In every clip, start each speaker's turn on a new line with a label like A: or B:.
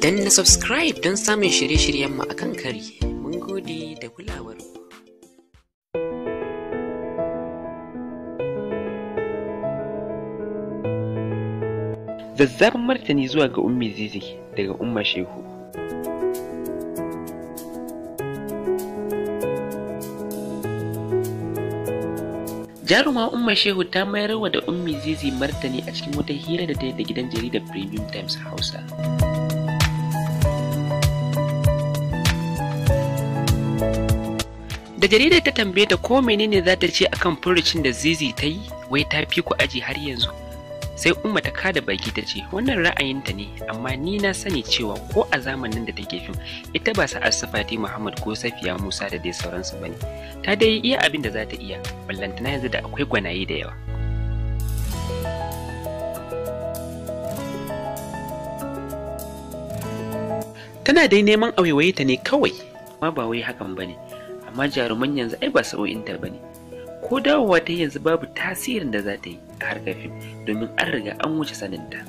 A: Dan na subscribe don samun shirye-shiryenmu a kan kari. Mun gode da kulawar Zazzabin martani zuwa ga Ummi Zizi daga Umma Shehu. jaruma umma shehu ta mayar wa da ummi zizi martani a cikin wata hira da ta yi da gidan jaridar premium times hausa da jaridar ta tambaye ta ko menene za ta ce akan furucin da zizi ta yi wai ta fi ku aji har yanzu sai umma ta kada baki ta ce wannan ra'ayinta ne amma ni na sani cewa ko a zamanin da take fim ita ba sa'ar sufati muhammad ko safiya musa da dai sauransu bane ta dai iya abin da za ta iya ballantana yanzu da akwai gwanaye da yawa tana dai neman awaiwaye ta ne kawai ma ba wai hakan bane ne amma jaruman yanzu ai ba sa'o'inta ba ne ko dawowa ta yanzu babu tasirin da za ta yi a harkar fim domin an riga an wuce saninta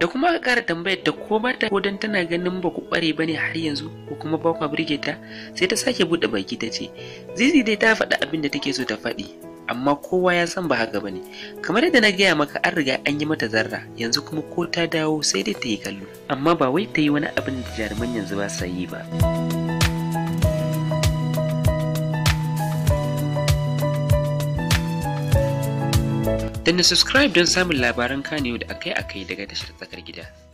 A: da kuma aka kara tambayar ta ko ba ta ko dan tana ganin ba ku kware bane har yanzu ko kuma ba ku burge ta sai ta sake bude baki ta ce zizi dai ta faɗi abin da take so ta faɗi amma kowa ya san ba haka bane kamar yadda na gaya maka an riga an yi mata zarra yanzu kuma ko ta dawo sai dai ta yi kallo amma ba wai ta yi wani abin da jaruman yanzu ba sa yi ba Danna subscribe don samun labaran kaniyo da akai-akai daga tashar tsakar gida.